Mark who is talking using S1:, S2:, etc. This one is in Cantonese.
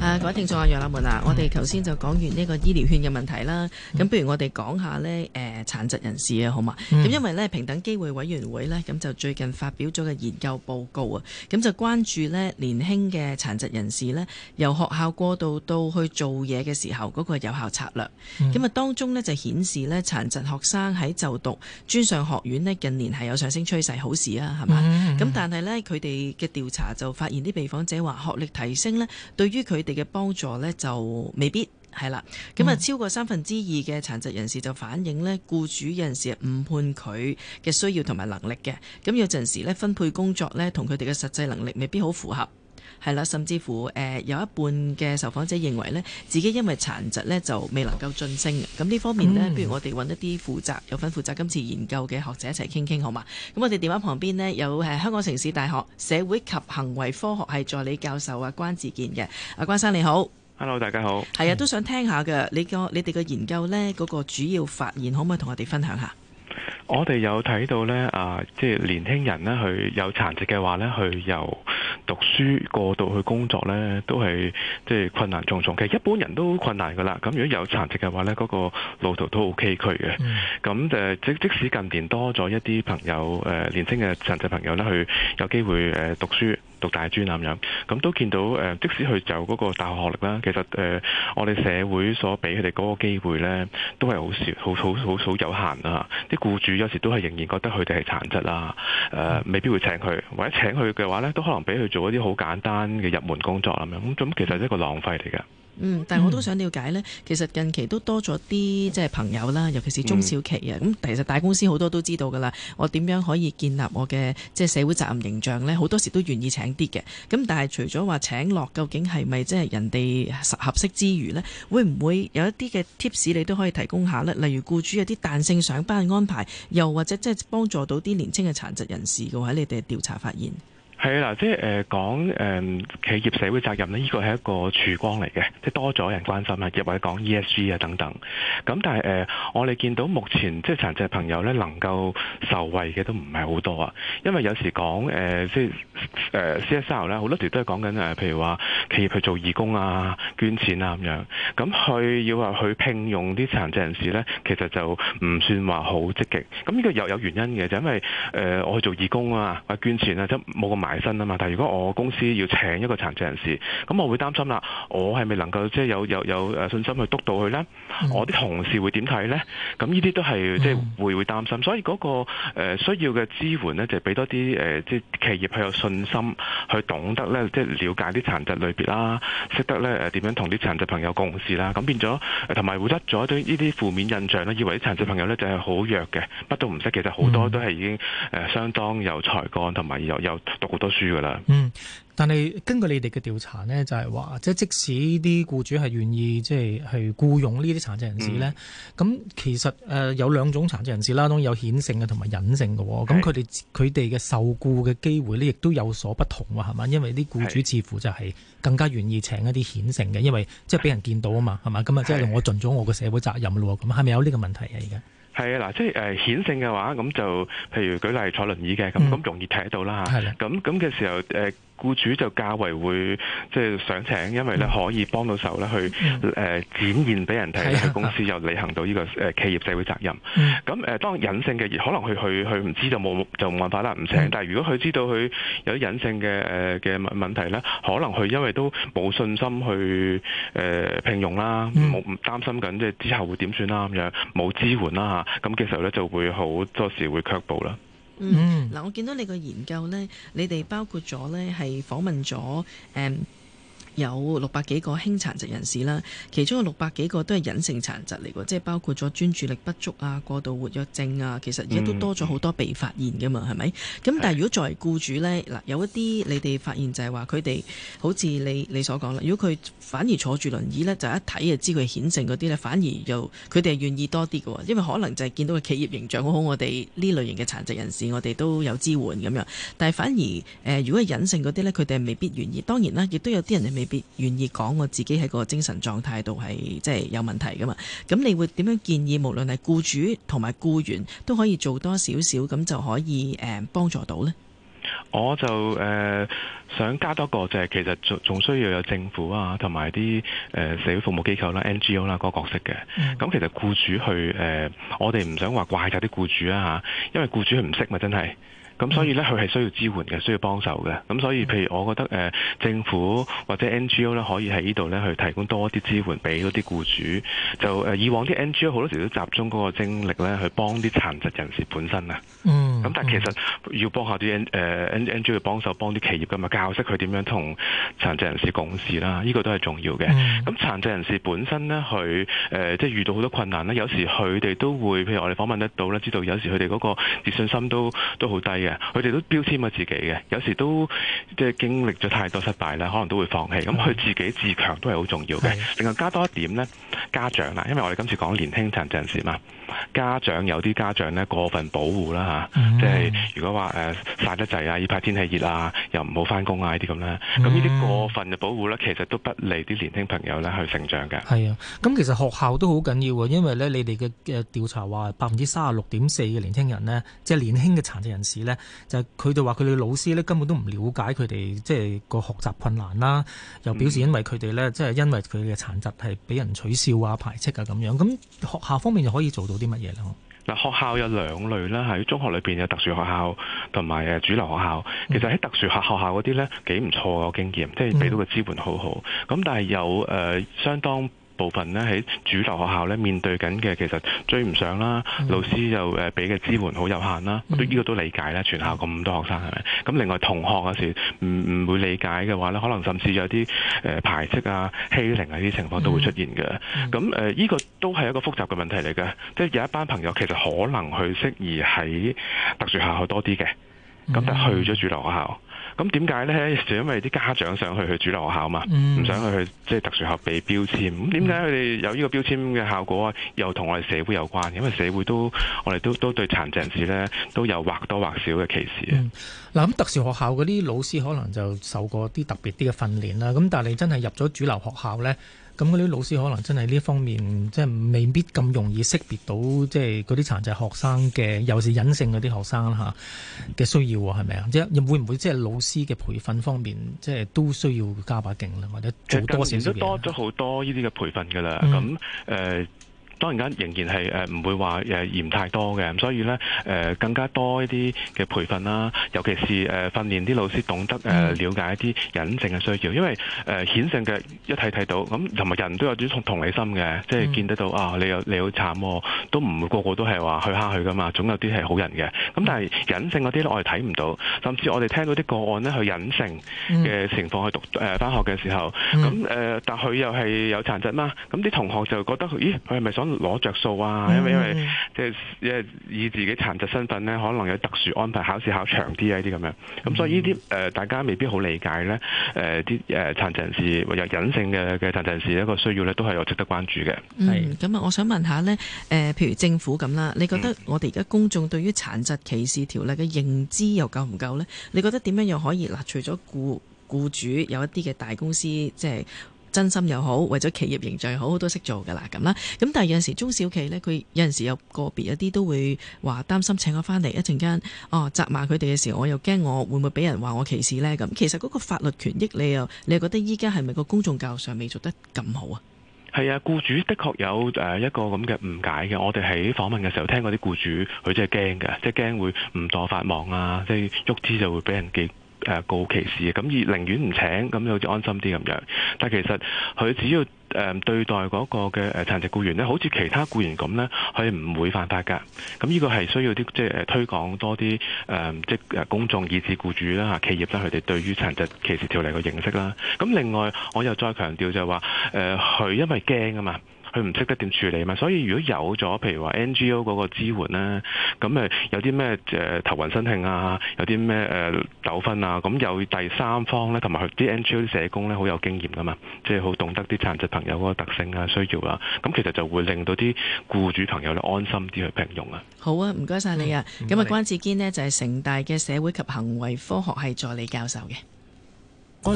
S1: 啊，各位聽眾，啊，楊立門啊，我哋頭先就講完呢個醫療券嘅問題啦。咁不如我哋講下呢誒、嗯呃、殘疾人士啊，好嘛？咁、嗯、因為呢平等機會委員會呢，咁就最近發表咗個研究報告啊，咁就關注呢年輕嘅殘疾人士呢，由學校過渡到去做嘢嘅時候嗰個有效策略。咁、嗯、啊，當中呢就顯示呢殘疾學生喺就讀專上學院呢近年係有上升趨勢，好事啊，係嘛？咁、嗯嗯、但係呢，佢哋嘅調查就發現啲被訪者話學歷提升呢對於佢哋嘅幫助呢，就未必係啦，咁啊超過三分之二嘅殘疾人士就反映呢，僱主有陣時誤判佢嘅需要同埋能力嘅。咁有陣時呢，分配工作呢，同佢哋嘅實際能力未必好符合。係啦，甚至乎誒、呃、有一半嘅受訪者認為呢，自己因為殘疾呢就未能夠晉升，咁呢方面呢、嗯、不如我哋揾一啲負責有份負責今次研究嘅學者一齊傾傾好嘛？咁我哋電話旁邊呢有、啊、香港城市大學社會及行為科學系助理教授啊關志健嘅。阿、啊、關生你好，Hello 大家好，係啊，都想聽下嘅你個你哋嘅研究呢嗰、那個主要發現可唔可以同我哋分享下？
S2: 我哋有睇到呢，啊，即、就、係、是、年輕人呢，佢有殘疾嘅話呢，佢又。讀書過渡去工作呢，都係即係困難重重。其實一般人都困難㗎啦。咁如果有殘疾嘅話呢，嗰、那個路途都好崎嶇嘅。咁、mm. 即即使近年多咗一啲朋友誒、呃，年輕嘅殘疾朋友呢，去有機會誒、呃、讀書。讀大專咁樣，咁都見到誒，即使佢就嗰個大學學歷啦，其實誒、呃，我哋社會所俾佢哋嗰個機會呢，都係好少，好好好，好有限啊！啲僱主有時都係仍然覺得佢哋係殘疾啦，誒、呃，未必會請佢，或者請佢嘅話呢，都可能俾佢做一啲好簡單嘅入門工作咁樣，咁其實係一個浪費嚟嘅。嗯，
S1: 但係我都想了解呢、嗯，其實近期都多咗啲即係朋友啦，尤其是中小企嘅，咁、嗯、其實大公司好多都知道噶啦，我點樣可以建立我嘅即係社會責任形象呢？好多時都願意請。啲嘅，咁但係除咗話請落究竟係咪即係人哋合合適之餘呢？會唔會有一啲嘅 tips 你都可以提供下呢？例如僱主有啲彈性上班安排，又或者即係幫助到啲年青嘅殘疾人士嘅話，你哋調查發現。
S2: 係啦，即係誒講誒企業社會責任呢，呢個係一個曙光嚟嘅，即係多咗人關心啦，亦或者講 ESG 啊等等。咁但係誒我哋見到目前即係殘疾朋友咧能夠受惠嘅都唔係好多啊，因為有時講誒即係誒 CSR 咧，好多時都係講緊誒，譬如話企業去做義工啊、捐錢啊咁樣。咁佢要話去聘用啲殘疾人士咧，其實就唔算話好積極。咁呢個又有原因嘅，就因為誒我去做義工啊、捐錢啊，即冇咁麻。埋身啊嘛！但係如果我公司要請一個殘疾人士，咁我會擔心啦。我係咪能夠即係有有有誒信心去督到佢咧？我啲同事會點睇咧？咁呢啲都係即係會會擔心。所以嗰個誒需要嘅支援咧，就係俾多啲誒即係企業去有信心，去懂得咧，即係瞭解啲殘疾類別啦，識得咧誒點樣同啲殘疾朋友共事啦。咁變咗同埋會甩咗啲呢啲負面印象啦，以為啲殘疾朋友咧就係好弱嘅，乜都唔識。其實好多都係已經誒相當有才幹同埋又又獨。多書噶啦。嗯，
S3: 但係根據你哋嘅調查呢，就係話，即係即使啲雇主係願意即係去雇傭呢啲殘疾人士呢，咁其實誒有兩種殘疾人士啦，當然有顯性嘅同埋隱性嘅，咁佢哋佢哋嘅受雇嘅機會呢，亦都有所不同喎，係嘛？因為啲雇主似乎就係更加願意請一啲顯性嘅，因為即係俾人見到啊嘛，係嘛？咁啊，即係我盡咗我嘅社會責任咯，咁係咪有呢個問題啊？而家？
S2: 係啊，嗱，即係誒顯性嘅話，咁就譬如舉例坐輪椅嘅，咁咁容易睇到啦吓。咁咁嘅時候，誒僱主就較為會即係想請，因為咧可以幫到手咧，去誒展現俾人睇，嗯、喺公司又履行到呢個誒企業社會責任。咁、嗯、誒，嗯、當然隱性嘅，可能佢佢佢唔知就冇就冇辦法啦，唔請。嗯、但係如果佢知道佢有隱性嘅誒嘅問題咧，可能佢因為都冇信心去誒聘用啦，冇、嗯、擔心緊即係之後會點算啦咁樣，冇支援啦吓。咁其實呢咧，就會好多時會卻步啦。嗯，
S1: 嗱，我見到你個研究咧，你哋包括咗咧，係訪問咗，誒、嗯。有六百幾個輕殘疾人士啦，其中有六百幾個都係隱性殘疾嚟㗎，即係包括咗專注力不足啊、過度活躍症啊，其實而家都多咗好多被發現㗎嘛，係、嗯、咪？咁但係如果作為僱主呢，嗱有一啲你哋發現就係話佢哋好似你你所講啦，如果佢反而坐住輪椅呢，就一睇就知佢顯性嗰啲呢，反而又佢哋係願意多啲嘅喎，因為可能就係見到個企業形象好好，我哋呢類型嘅殘疾人士我哋都有支援咁樣。但係反而、呃、如果係隱性嗰啲呢，佢哋未必願意。當然啦，亦都有啲人未別願意講我自己喺個精神狀態度係即係有問題噶嘛？咁你會點樣建議？無論係僱主同埋僱員都可以做多少少咁，就可以誒幫、嗯、助到呢？
S2: 我就誒、呃、想加多個就係、是、其實仲仲需要有政府啊同埋啲誒社會服務機構啦、啊、NGO 啦、啊、嗰、那個角色嘅。咁、嗯、其實僱主去誒、呃、我哋唔想話怪責啲僱主啊，吓，因為僱主佢唔識嘛，真係。咁所以咧，佢係需要支援嘅，需要幫手嘅。咁所以，譬如我覺得誒、呃、政府或者 NGO 咧，可以喺呢度咧去提供多啲支援俾啲雇主。就誒、呃、以往啲 NGO 好多時都集中嗰個精力咧，去幫啲殘疾人士本身啊。嗯。咁但其實要幫下啲誒、呃、NGO 幫手幫啲企業㗎嘛，教識佢點樣同殘疾人士共事啦，呢、這個都係重要嘅。咁、嗯、殘疾人士本身咧，佢誒、呃、即係遇到好多困難咧，有時佢哋都會譬如我哋訪問得到咧，知道有時佢哋嗰個自信心都都好低。佢哋都標籤咗自己嘅，有時都即係經歷咗太多失敗啦，可能都會放棄。咁佢自己自強都係好重要嘅，另外加多一點咧。家長啦，因為我哋今次講年輕殘疾人士嘛，家長有啲家長呢，過分保護啦、嗯、即係如果話誒曬得滯啊，呢、呃、排天氣熱啊，又唔好翻工啊，呢啲咁啦，咁呢啲過分嘅保護呢，其實都不利啲年輕朋友呢去成長嘅。
S3: 係啊，咁、嗯、其實學校都好緊要喎，因為呢，你哋嘅調查話百分之三十六點四嘅年輕人呢，即係年輕嘅殘疾人士呢，就係佢哋話佢哋老師呢，根本都唔了解佢哋，即係個學習困難啦，又表示因為佢哋呢，即、嗯、係、就是、因為佢嘅殘疾係俾人取笑。話排斥啊，咁樣，咁學校方面又可以做到啲乜嘢咧？
S2: 嗱，學校有兩類啦，喺中學裏邊有特殊學校同埋誒主流學校。其實喺特殊學學校嗰啲咧幾唔錯嘅經驗，即係俾到個支援好好。咁但係有誒、呃、相當。部分咧喺主流學校咧面對緊嘅其實追唔上啦，老、嗯、師又誒俾嘅支援好有限啦，呢、嗯呢個都理解啦。全校咁多學生係咪？咁另外同學有時唔唔會理解嘅話咧，可能甚至有啲誒、呃、排斥啊、欺凌啊啲情況都會出現嘅。咁、嗯、誒，呢、嗯呃呢個都係一個複雜嘅問題嚟嘅，即係有一班朋友其實可能去適宜喺特殊學校多啲嘅，咁、嗯、就去咗主流學校。咁點解呢？就因為啲家長想去去主流學校嘛，唔、嗯、想去去即、係、特殊學校被標籤。咁點解佢哋有呢個標籤嘅效果啊？又同我哋社會有關，因為社會都我哋都都對殘疾人士呢都有或多或少嘅歧視。
S3: 嗱、嗯、咁特殊學校嗰啲老師可能就受過啲特別啲嘅訓練啦。咁但係你真係入咗主流學校呢？咁嗰啲老師可能真係呢一方面，即係未必咁容易識別到，即係嗰啲殘疾學生嘅，尤其是隱性嗰啲學生嚇嘅需要喎。係咪啊？即係會唔會即係老師嘅培訓方面，即係都需要加把勁啦，或者做多少少嘢。近年都多咗
S2: 好多呢啲嘅培訓㗎啦，咁、嗯、誒。當然間仍然係誒唔會話誒嫌太多嘅，咁所以咧誒更加多一啲嘅培訓啦，尤其是誒訓練啲老師懂得誒瞭解一啲隱性嘅需要，因為誒顯性嘅一睇睇到，咁同埋人都有啲同同理心嘅，即係見得到啊，你有你好慘喎，都唔會個個都係話去蝦去噶嘛，總有啲係好人嘅。咁但係隱性嗰啲咧，我哋睇唔到，甚至我哋聽到啲個案咧，佢隱性嘅情況去讀誒翻學嘅時候，咁誒但係佢又係有殘疾嘛，咁啲同學就覺得咦佢係咪想？攞着數啊，因為因即因以自己殘疾身份呢，可能有特殊安排，考試考長啲啊，啲咁樣。咁所以呢啲、呃、大家未必好理解呢。啲、呃、誒殘疾人士或有隱性嘅嘅殘疾人士一個需要呢都係有值得關注嘅。
S1: 咁啊，嗯、我想問下呢、呃，譬如政府咁啦，你覺得我哋而家公眾對於殘疾歧視條例嘅認知又夠唔夠呢？你覺得點樣又可以嗱？除咗雇主有一啲嘅大公司，即係。真心又好，為咗企業形象又好，都識做噶啦咁啦。咁但係有陣時中小企咧，佢有陣時有個別一啲都會話擔心，請我翻嚟一陣間，哦責罵佢哋嘅時候，我又驚我會唔會俾人話我歧視咧？咁其實嗰個法律權益，你又你又覺得依家係咪個公眾教育上未做得咁好啊？
S2: 係啊，雇主的確有誒一個咁嘅誤解嘅。我哋喺訪問嘅時候，聽嗰啲雇主，佢真係驚嘅，即係驚會唔妥發忙啊，即係喐資就會俾人記。誒告歧視，咁而寧願唔請，咁好似安心啲咁樣。但係其實佢只要誒對待嗰個嘅誒殘疾僱員咧，好似其他雇員咁咧，佢唔會犯法㗎。咁呢個係需要啲即係推廣多啲誒、嗯，即係公眾以至、雇主啦、企業啦，佢哋對於殘疾歧視條例嘅認識啦。咁另外，我又再強調就係話誒，佢因為驚啊嘛。佢唔識得點處理嘛，所以如果有咗譬如話 NGO 嗰個支援呢，咁誒有啲咩誒頭暈身㷫啊，有啲咩誒糾紛啊，咁有第三方咧，同埋啲 NGO 啲社工咧，好有經驗㗎嘛，即係好懂得啲殘疾朋友嗰個特性啊、需要啊，咁其實就會令到啲僱主朋友咧安心啲去聘用啊。
S1: 好啊，唔該晒你啊。咁、嗯、啊，謝謝關志健呢，就係、是、城大嘅社會及行為科學系助理教授嘅。